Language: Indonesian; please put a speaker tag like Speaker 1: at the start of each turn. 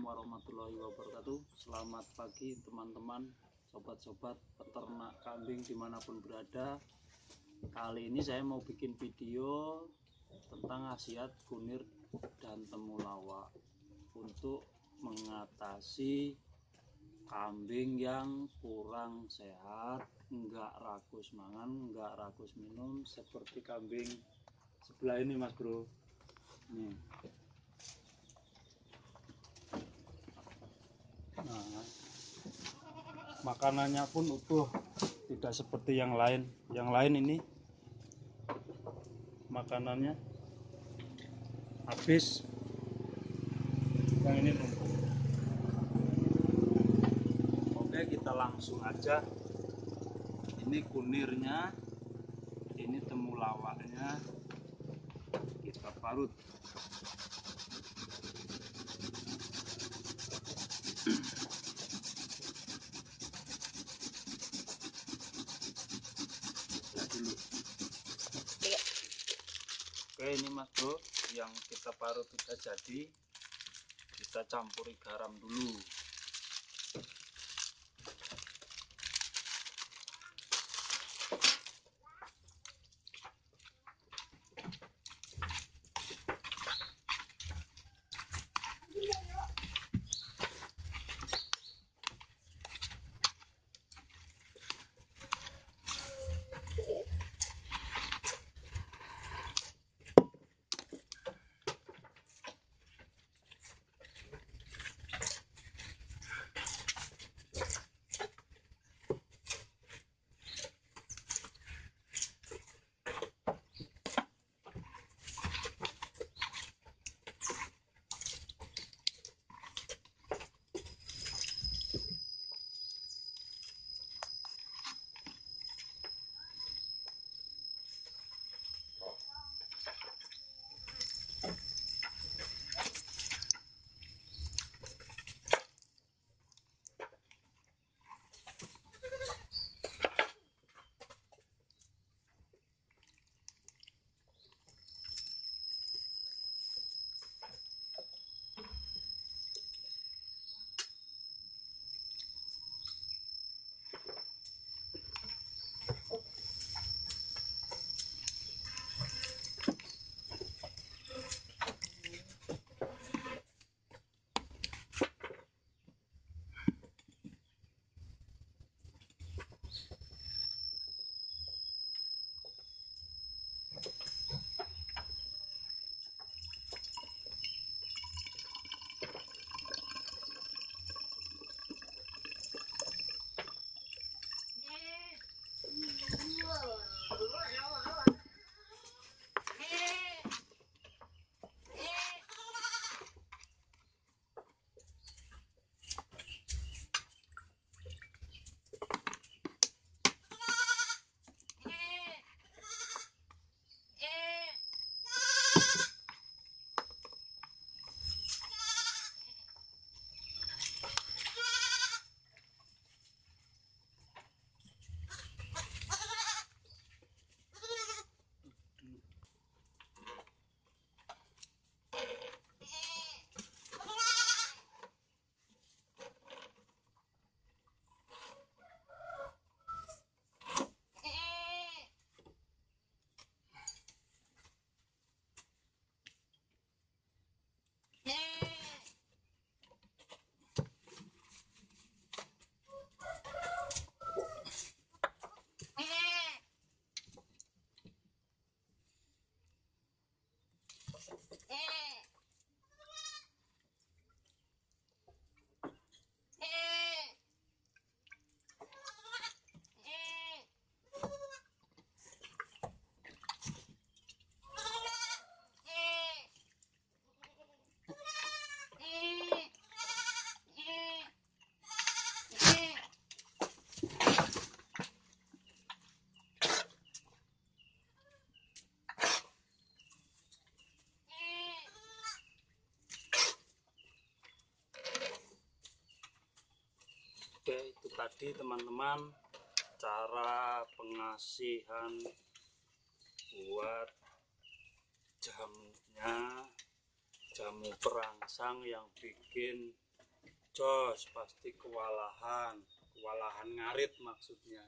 Speaker 1: Assalamualaikum warahmatullahi wabarakatuh Selamat pagi teman-teman Sobat-sobat peternak kambing dimanapun berada Kali ini saya mau bikin video Tentang khasiat kunir dan temulawak Untuk mengatasi kambing yang kurang sehat Enggak rakus mangan, enggak rakus minum Seperti kambing sebelah ini mas bro Nih makanannya pun utuh tidak seperti yang lain yang lain ini makanannya habis yang ini numpuk oke kita langsung aja ini kunirnya ini temulawaknya kita parut oke ini mas bro yang kita parut sudah jadi kita campuri garam dulu And tadi teman-teman cara pengasihan buat jamunya jamu perangsang yang bikin jos pasti kewalahan kewalahan ngarit maksudnya